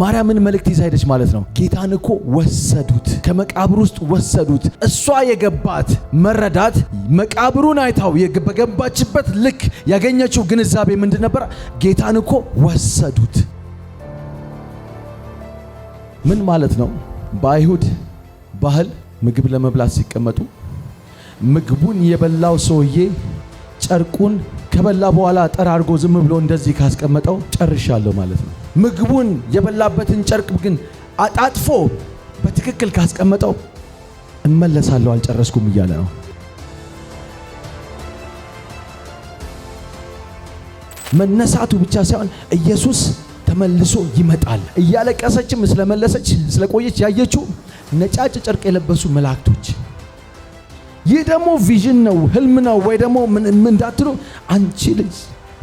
ማርያምን መልእክት ይዛሄደች ማለት ነው። ጌታን እኮ ወሰዱት፣ ከመቃብር ውስጥ ወሰዱት። እሷ የገባት መረዳት መቃብሩን አይታው በገባችበት ልክ ያገኘችው ግንዛቤ ምንድን ነበር? ጌታን እኮ ወሰዱት። ምን ማለት ነው? በአይሁድ ባህል ምግብ ለመብላት ሲቀመጡ ምግቡን የበላው ሰውዬ ጨርቁን ከበላ በኋላ ጠራርጎ ዝም ብሎ እንደዚህ ካስቀመጠው ጨርሻለሁ ማለት ነው። ምግቡን የበላበትን ጨርቅ ግን አጣጥፎ በትክክል ካስቀመጠው እመለሳለሁ አልጨረስኩም እያለ ነው። መነሳቱ ብቻ ሳይሆን ኢየሱስ ተመልሶ ይመጣል። እያለቀሰችም ስለመለሰች ስለቆየች ያየችው ነጫጭ ጨርቅ የለበሱ መላእክቶች። ይህ ደግሞ ቪዥን ነው፣ ህልም ነው ወይ ደግሞ ምን እንዳትሉ፣ አንቺ ልጅ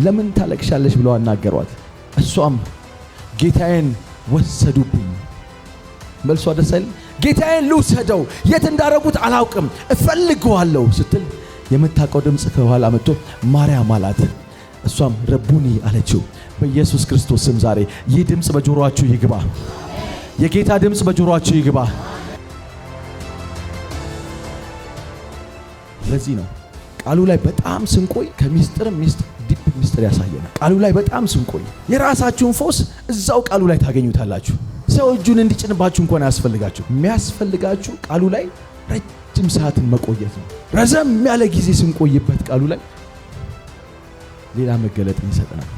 ለምን ታለቅሻለሽ ብለው አናገሯት። እሷም ጌታዬን ወሰዱብኝ። መልሷ ደስ አይል። ጌታዬን ልውሰደው የት እንዳረጉት አላውቅም፣ እፈልገዋለሁ ስትል የምታውቀው ድምፅ ከኋላ መጥቶ ማርያም አላት። እሷም ረቡኒ አለችው። በኢየሱስ ክርስቶስ ስም ዛሬ ይህ ድምፅ በጆሮአችሁ ይግባ። የጌታ ድምፅ በጆሮአችሁ ይግባ። ለዚህ ነው ቃሉ ላይ በጣም ስንቆይ ከሚስጥርም ሚስጥር ዲፕ ሚስጥር ያሳየናል። ቃሉ ላይ በጣም ስንቆይ የራሳችሁን ፎስ እዛው ቃሉ ላይ ታገኙታላችሁ። ሰው እጁን እንዲጭንባችሁ እንኳን አያስፈልጋችሁ። የሚያስፈልጋችሁ ቃሉ ላይ ረጅም ሰዓትን መቆየት ነው። ረዘም ያለ ጊዜ ስንቆይበት ቃሉ ላይ ሌላ መገለጥን ይሰጠናል።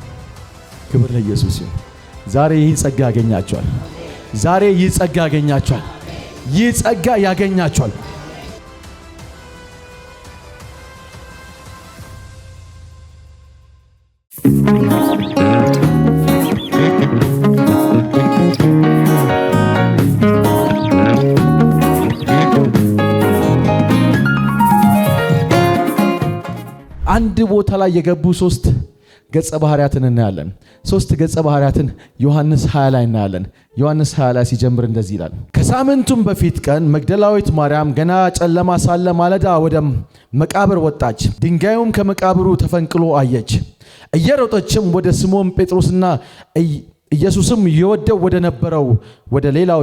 ክብር ለኢየሱስ ይሁን። ዛሬ ይህ ጸጋ ያገኛቸዋል። ዛሬ ይህ ጸጋ ያገኛቸዋል። ይህ ጸጋ ያገኛቸዋል። አንድ ቦታ ላይ የገቡ ሶስት ገጸ ባህሪያትን እናያለን። ሶስት ገጸ ባህሪያትን ዮሐንስ 20 ላይ እናያለን። ዮሐንስ 20 ላይ ሲጀምር እንደዚህ ይላል። ከሳምንቱም በፊት ቀን መግደላዊት ማርያም ገና ጨለማ ሳለ ማለዳ ወደ መቃብር ወጣች፣ ድንጋዩም ከመቃብሩ ተፈንቅሎ አየች። እየሮጠችም ወደ ስምዖን ጴጥሮስና ኢየሱስም የወደው ወደ ነበረው ወደ ሌላው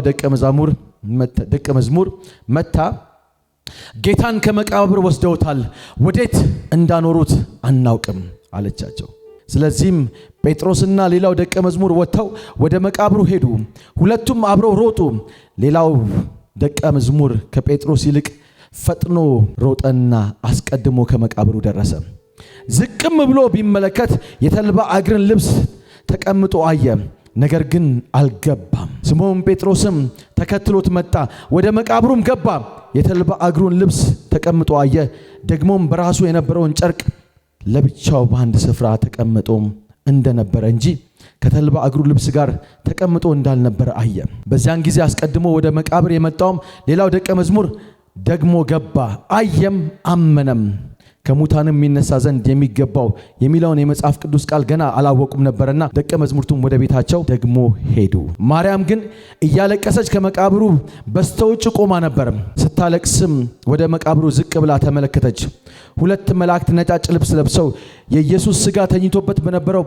ደቀ መዝሙር መታ። ጌታን ከመቃብር ወስደውታል፣ ወዴት እንዳኖሩት አናውቅም አለቻቸው። ስለዚህም ጴጥሮስና ሌላው ደቀ መዝሙር ወጥተው ወደ መቃብሩ ሄዱ። ሁለቱም አብረው ሮጡ። ሌላው ደቀ መዝሙር ከጴጥሮስ ይልቅ ፈጥኖ ሮጠና አስቀድሞ ከመቃብሩ ደረሰ። ዝቅም ብሎ ቢመለከት የተልባ እግርን ልብስ ተቀምጦ አየ፣ ነገር ግን አልገባም። ስምዖን ጴጥሮስም ተከትሎት መጣ፣ ወደ መቃብሩም ገባ። የተልባ እግሩን ልብስ ተቀምጦ አየ፣ ደግሞም በራሱ የነበረውን ጨርቅ ለብቻው በአንድ ስፍራ ተቀምጦ እንደነበረ እንጂ ከተልባ እግሩ ልብስ ጋር ተቀምጦ እንዳልነበረ አየ። በዚያን ጊዜ አስቀድሞ ወደ መቃብር የመጣውም ሌላው ደቀ መዝሙር ደግሞ ገባ፣ አየም፣ አመነም። ከሙታንም የሚነሳ ዘንድ የሚገባው የሚለውን የመጽሐፍ ቅዱስ ቃል ገና አላወቁም ነበርና ደቀ መዛሙርቱም ወደ ቤታቸው ደግሞ ሄዱ። ማርያም ግን እያለቀሰች ከመቃብሩ በስተውጭ ቆማ ነበር። ስታለቅስም ወደ መቃብሩ ዝቅ ብላ ተመለከተች። ሁለት መላእክት ነጫጭ ልብስ ለብሰው የኢየሱስ ሥጋ ተኝቶበት በነበረው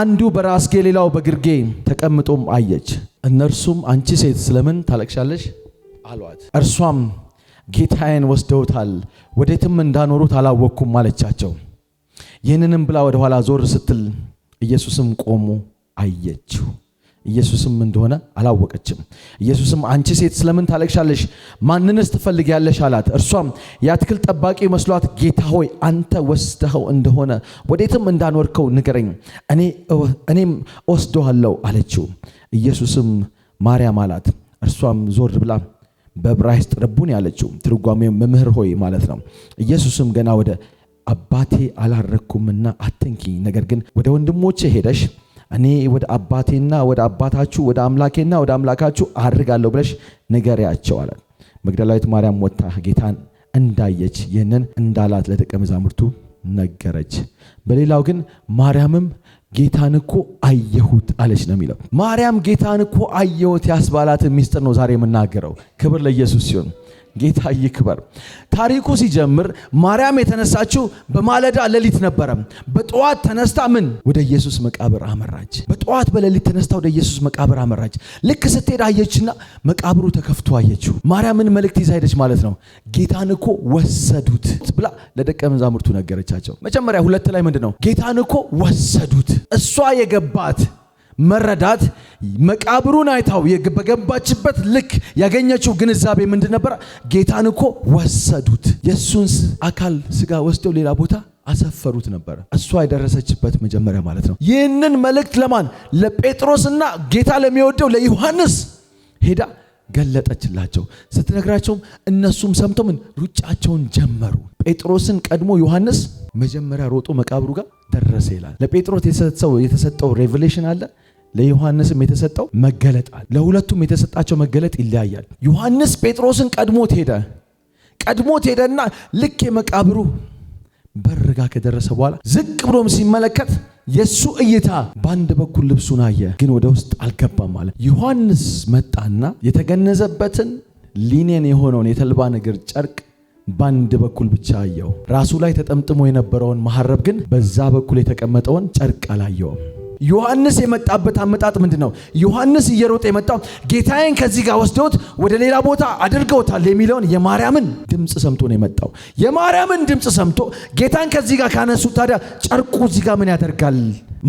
አንዱ በራስጌ ሌላው በግርጌ ተቀምጦም አየች። እነርሱም አንቺ ሴት ስለምን ታለቅሻለሽ? አሏት። እርሷም ጌታዬን ወስደውታል፣ ወዴትም እንዳኖሩት አላወቅኩም አለቻቸው። ይህንንም ብላ ወደ ኋላ ዞር ስትል ኢየሱስም ቆሞ አየችው። ኢየሱስም እንደሆነ አላወቀችም። ኢየሱስም አንቺ ሴት ስለምን ታለቅሻለሽ? ማንንስ ትፈልጊያለሽ? አላት። እርሷም የአትክልት ጠባቂ መስሏት ጌታ ሆይ አንተ ወስደኸው እንደሆነ ወዴትም እንዳኖርከው ንገረኝ፣ እኔም እወስደዋለሁ አለችው። ኢየሱስም ማርያም አላት። እርሷም ዞር ብላ በዕብራይስጥ ረቡን ያለችው ትርጓሜው መምህር ሆይ ማለት ነው። ኢየሱስም ገና ወደ አባቴ አላረግኩምና አትንኪኝ፣ ነገር ግን ወደ ወንድሞቼ ሄደሽ እኔ ወደ አባቴና ወደ አባታችሁ ወደ አምላኬና ወደ አምላካችሁ አድርጋለሁ ብለሽ ንገሪያቸው አለ። መግደላዊት ማርያም ወጥታ ጌታን እንዳየች ይህንን እንዳላት ለደቀ መዛሙርቱ ነገረች። በሌላው ግን ማርያምም ጌታን እኮ አየሁት አለች ነው የሚለው። ማርያም ጌታን እኮ አየሁት ያስባላትን ሚስጥር ነው ዛሬ የምናገረው። ክብር ለኢየሱስ ሲሆን ጌታ ይክበር። ታሪኩ ሲጀምር ማርያም የተነሳችው በማለዳ ሌሊት ነበረ። በጠዋት ተነስታ ምን ወደ ኢየሱስ መቃብር አመራች። በጠዋት በሌሊት ተነስታ ወደ ኢየሱስ መቃብር አመራች። ልክ ስትሄድ አየችና መቃብሩ ተከፍቶ አየችው። ማርያምን መልእክት ይዛ ሄደች ማለት ነው። ጌታን እኮ ወሰዱት ብላ ለደቀ መዛሙርቱ ነገረቻቸው። መጀመሪያ ሁለት ላይ ምንድን ነው? ጌታን እኮ ወሰዱት እሷ የገባት መረዳት መቃብሩን አይታው በገባችበት ልክ ያገኘችው ግንዛቤ ምንድን ነበር? ጌታን እኮ ወሰዱት። የእሱን አካል ስጋ ወስደው ሌላ ቦታ አሰፈሩት ነበር። እሷ የደረሰችበት መጀመሪያ ማለት ነው። ይህንን መልእክት ለማን? ለጴጥሮስና ጌታ ለሚወደው ለዮሐንስ ሄዳ ገለጠችላቸው። ስትነግራቸውም እነሱም ሰምተው ምን ሩጫቸውን ጀመሩ። ጴጥሮስን ቀድሞ ዮሐንስ መጀመሪያ ሮጦ መቃብሩ ጋር ደረሰ ይላል። ለጴጥሮስ የተሰጠው ሬቨሌሽን አለ፣ ለዮሐንስም የተሰጠው መገለጥ አለ። ለሁለቱም የተሰጣቸው መገለጥ ይለያያል። ዮሐንስ ጴጥሮስን ቀድሞት ሄደ። ቀድሞት ሄደና ልክ የመቃብሩ በር ጋር ከደረሰ በኋላ ዝቅ ብሎም ሲመለከት የእሱ እይታ በአንድ በኩል ልብሱን አየ፣ ግን ወደ ውስጥ አልገባም አለ። ዮሐንስ መጣና የተገነዘበትን ሊኔን የሆነውን የተልባ እግር ጨርቅ በአንድ በኩል ብቻ አየው። ራሱ ላይ ተጠምጥሞ የነበረውን መሐረብ ግን በዛ በኩል የተቀመጠውን ጨርቅ አላየውም። ዮሐንስ የመጣበት አመጣጥ ምንድን ነው? ዮሐንስ እየሮጠ የመጣው ጌታዬን ከዚህ ጋር ወስደውት ወደ ሌላ ቦታ አድርገውታል የሚለውን የማርያምን ድምፅ ሰምቶ ነው የመጣው። የማርያምን ድምፅ ሰምቶ ጌታን ከዚህ ጋር ካነሱት ታዲያ ጨርቁ እዚህ ጋር ምን ያደርጋል?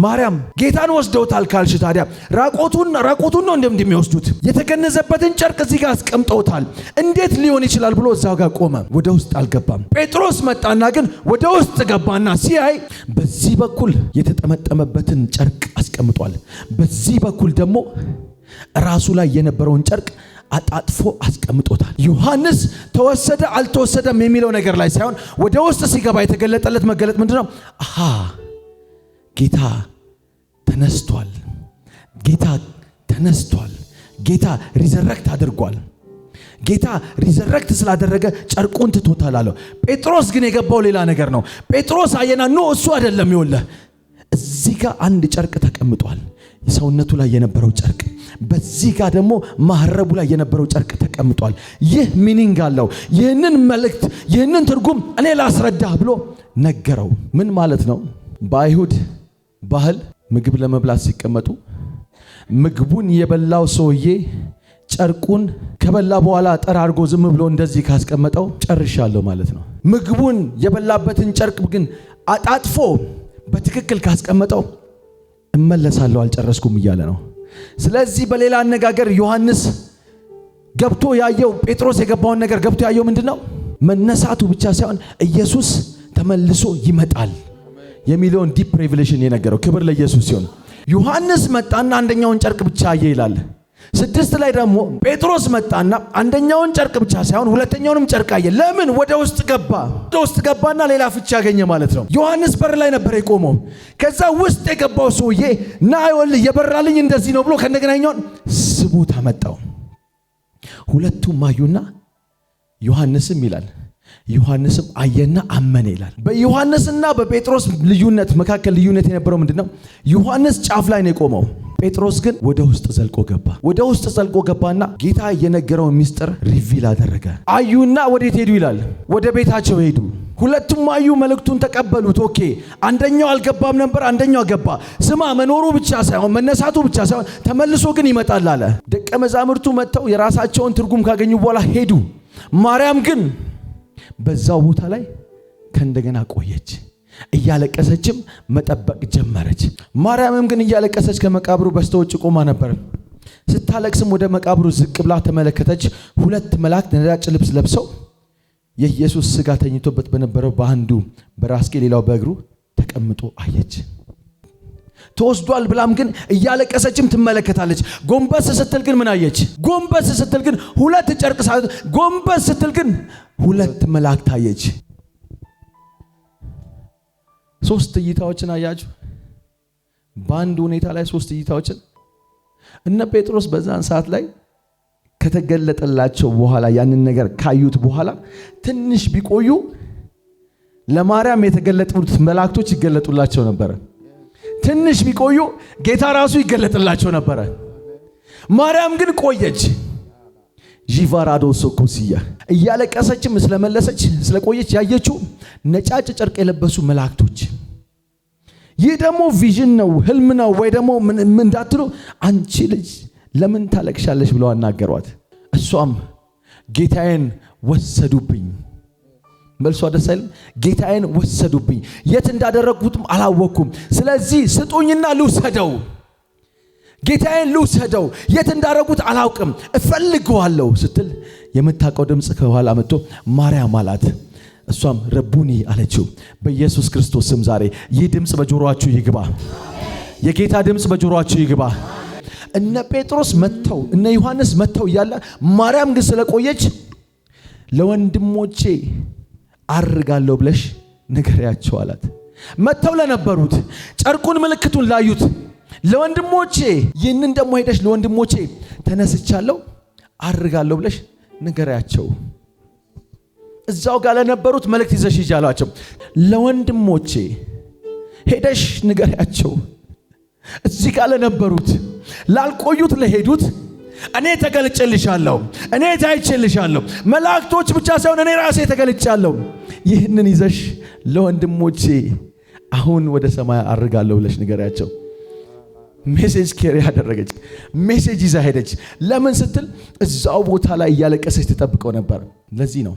ማርያም ጌታን ወስደውታል ካልሽ ታዲያ ራቆቱን ራቆቱን ነው እንደምድ የሚወስዱት የተገነዘበትን ጨርቅ እዚህ ጋር አስቀምጠውታል። እንዴት ሊሆን ይችላል ብሎ እዛው ጋር ቆመ። ወደ ውስጥ አልገባም። ጴጥሮስ መጣና ግን ወደ ውስጥ ገባና ሲያይ በዚህ በኩል የተጠመጠመበትን ጨርቅ አስቀምጧል። በዚህ በኩል ደግሞ ራሱ ላይ የነበረውን ጨርቅ አጣጥፎ አስቀምጦታል። ዮሐንስ ተወሰደ አልተወሰደም የሚለው ነገር ላይ ሳይሆን ወደ ውስጥ ሲገባ የተገለጠለት መገለጥ ምንድነው? አሃ ጌታ ተነስቷል። ጌታ ተነስቷል። ጌታ ሪዘረክት አድርጓል። ጌታ ሪዘረክት ስላደረገ ጨርቁን ትቶታል አለው። ጴጥሮስ ግን የገባው ሌላ ነገር ነው። ጴጥሮስ አየና ኖ እሱ አይደለም ይወለህ እዚህ ጋር አንድ ጨርቅ ተቀምጧል። ሰውነቱ ላይ የነበረው ጨርቅ በዚህ ጋር ደግሞ ማህረቡ ላይ የነበረው ጨርቅ ተቀምጧል። ይህ ሚኒንግ አለው። ይህንን መልእክት ይህንን ትርጉም እኔ ላስረዳህ ብሎ ነገረው። ምን ማለት ነው በአይሁድ ባህል ምግብ ለመብላት ሲቀመጡ ምግቡን የበላው ሰውዬ ጨርቁን ከበላ በኋላ ጠራርጎ ዝም ብሎ እንደዚህ ካስቀመጠው ጨርሻለሁ ማለት ነው። ምግቡን የበላበትን ጨርቅ ግን አጣጥፎ በትክክል ካስቀመጠው እመለሳለሁ አልጨረስኩም እያለ ነው። ስለዚህ በሌላ አነጋገር ዮሐንስ ገብቶ ያየው ጴጥሮስ የገባውን ነገር ገብቶ ያየው ምንድን ነው? መነሳቱ ብቻ ሳይሆን ኢየሱስ ተመልሶ ይመጣል። የሚለውን ዲፕ ሬቪሌሽን የነገረው። ክብር ለኢየሱስ ሲሆን ዮሐንስ መጣና አንደኛውን ጨርቅ ብቻ አየ ይላል። ስድስት ላይ ደግሞ ጴጥሮስ መጣና አንደኛውን ጨርቅ ብቻ ሳይሆን ሁለተኛውንም ጨርቅ አየ። ለምን? ወደ ውስጥ ገባ። ወደ ውስጥ ገባና ሌላ ፍቺ ያገኘ ማለት ነው። ዮሐንስ በር ላይ ነበር የቆመው። ከዛ ውስጥ የገባው ሰውዬ ና ይወል የበራልኝ እንደዚህ ነው ብሎ ከነገናኛውን ስቡት አመጣው። ሁለቱም አዩና ዮሐንስም ይላል ዮሐንስም አየና አመነ ይላል። በዮሐንስና በጴጥሮስ ልዩነት መካከል ልዩነት የነበረው ምንድን ነው? ዮሐንስ ጫፍ ላይ ነው የቆመው። ጴጥሮስ ግን ወደ ውስጥ ዘልቆ ገባ። ወደ ውስጥ ዘልቆ ገባና ጌታ የነገረውን ሚስጥር ሪቪል አደረገ። አዩና ወዴት ሄዱ ይላል? ወደ ቤታቸው ሄዱ። ሁለቱም አዩ፣ መልእክቱን ተቀበሉት። ኦኬ አንደኛው አልገባም ነበር፣ አንደኛው ገባ። ስማ መኖሩ ብቻ ሳይሆን መነሳቱ ብቻ ሳይሆን ተመልሶ ግን ይመጣል አለ። ደቀ መዛሙርቱ መጥተው የራሳቸውን ትርጉም ካገኙ በኋላ ሄዱ። ማርያም ግን በዛው ቦታ ላይ ከእንደገና ቆየች። እያለቀሰችም መጠበቅ ጀመረች። ማርያምም ግን እያለቀሰች ከመቃብሩ በስተውጭ ቆማ ነበር። ስታለቅስም ወደ መቃብሩ ዝቅ ብላ ተመለከተች። ሁለት መላእክት ነጫጭ ልብስ ለብሰው የኢየሱስ ሥጋ ተኝቶበት በነበረው በአንዱ በራስጌ ሌላው በእግሩ ተቀምጦ አየች። ተወስዷል ብላም ግን እያለቀሰችም ትመለከታለች። ጎንበስ ስትል ግን ምን አየች? ጎንበስ ስትል ግን ሁለት ጨርቅ ሳ ጎንበስ ስትል ግን ሁለት መላእክት አየች። ሶስት እይታዎችን አያችሁ። በአንድ ሁኔታ ላይ ሶስት እይታዎችን እነ ጴጥሮስ በዛን ሰዓት ላይ ከተገለጠላቸው በኋላ ያንን ነገር ካዩት በኋላ ትንሽ ቢቆዩ ለማርያም የተገለጡት መላእክቶች ይገለጡላቸው ነበረ። ትንሽ ቢቆዩ ጌታ ራሱ ይገለጥላቸው ነበረ። ማርያም ግን ቆየች። ዢቫራዶ ሶኮሲያ እያለቀሰችም ስለመለሰች ስለቆየች ያየችው ነጫጭ ጨርቅ የለበሱ መላእክቶች። ይህ ደግሞ ቪዥን ነው ህልም ነው ወይ ደግሞ እንዳትሉ፣ አንቺ ልጅ ለምን ታለቅሻለች ብለው አናገሯት። እሷም ጌታዬን ወሰዱብኝ መልሶ ደስ አይልም። ጌታዬን ወሰዱብኝ፣ የት እንዳደረግኩትም አላወቅኩም። ስለዚህ ስጡኝና ልውሰደው፣ ጌታዬን ልውሰደው፣ የት እንዳደረጉት አላውቅም፣ እፈልገዋለሁ ስትል የምታውቀው ድምፅ ከኋላ መጥቶ ማርያም አላት። እሷም ረቡኒ አለችው። በኢየሱስ ክርስቶስ ስም ዛሬ ይህ ድምፅ በጆሮችሁ ይግባ። የጌታ ድምፅ በጆሮችሁ ይግባ። እነ ጴጥሮስ መጥተው እነ ዮሐንስ መጥተው እያለ ማርያም ግን ስለቆየች ለወንድሞቼ አርጋለሁ ብለሽ ንገሪያቸው አላት። መጥተው ለነበሩት ጨርቁን ምልክቱን ላዩት ለወንድሞቼ ይህንን ደግሞ ሄደሽ ለወንድሞቼ ተነስቻለሁ አርጋለሁ ብለሽ ንገሪያቸው። እዛው ጋር ለነበሩት መልእክት ይዘሽ ሂጂ አሏቸው። ለወንድሞቼ ሄደሽ ንገሪያቸው። እዚህ ጋር ለነበሩት ላልቆዩት ለሄዱት እኔ ተገልጭልሻለሁ፣ እኔ ታይችልሻለሁ። መላእክቶች ብቻ ሳይሆን እኔ ራሴ ተገልጫለሁ። ይህንን ይዘሽ ለወንድሞቼ አሁን ወደ ሰማይ አርጋለሁ ብለሽ ንገሪያቸው። ሜሴጅ ኬሪ ያደረገች ሜሴጅ ይዛ ሄደች። ለምን ስትል እዛው ቦታ ላይ እያለቀሰች ትጠብቀው ነበር። ለዚህ ነው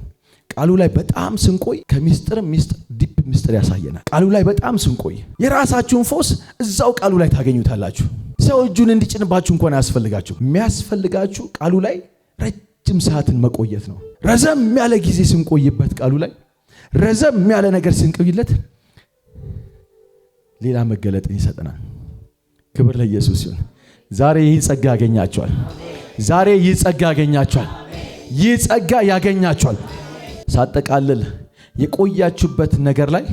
ቃሉ ላይ በጣም ስንቆይ ከምስጢር ሚስጥር ዲፕ ሚስጥር ያሳየናል። ቃሉ ላይ በጣም ስንቆይ የራሳችሁን ፎስ እዛው ቃሉ ላይ ታገኙታላችሁ። ሰው እጁን እንዲጭንባችሁ እንኳን አያስፈልጋችሁ። የሚያስፈልጋችሁ ቃሉ ላይ ረጅም ሰዓትን መቆየት ነው። ረዘም ያለ ጊዜ ስንቆይበት ቃሉ ላይ ረዘም ያለ ነገር ስንቆይለት ሌላ መገለጥን ይሰጠናል። ክብር ለኢየሱስ ይሁን። ዛሬ ይህ ጸጋ ያገኛቸዋል። ዛሬ ይህ ጸጋ ያገኛቸዋል። ይህ ጸጋ ያገኛቸዋል። ሳጠቃልል የቆያችሁበት ነገር ላይ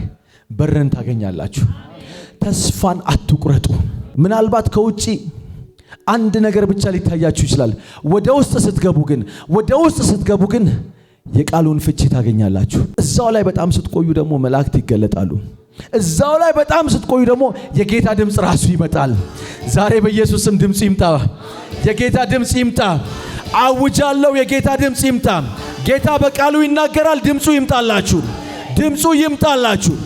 በርን ታገኛላችሁ። ተስፋን አትቁረጡ። ምናልባት ከውጪ አንድ ነገር ብቻ ሊታያችሁ ይችላል። ወደ ውስጥ ስትገቡ ግን ወደ ውስጥ ስትገቡ ግን የቃሉን ፍቺ ታገኛላችሁ። እዛው ላይ በጣም ስትቆዩ ደግሞ መላእክት ይገለጣሉ። እዛው ላይ በጣም ስትቆዩ ደግሞ የጌታ ድምፅ ራሱ ይመጣል። ዛሬ በኢየሱስም ድምፅ ይምጣ፣ የጌታ ድምፅ ይምጣ። አውጃለሁ። የጌታ ድምፅ ይምጣ። ጌታ በቃሉ ይናገራል። ድምፁ ይምጣላችሁ፣ ድምፁ ይምጣላችሁ።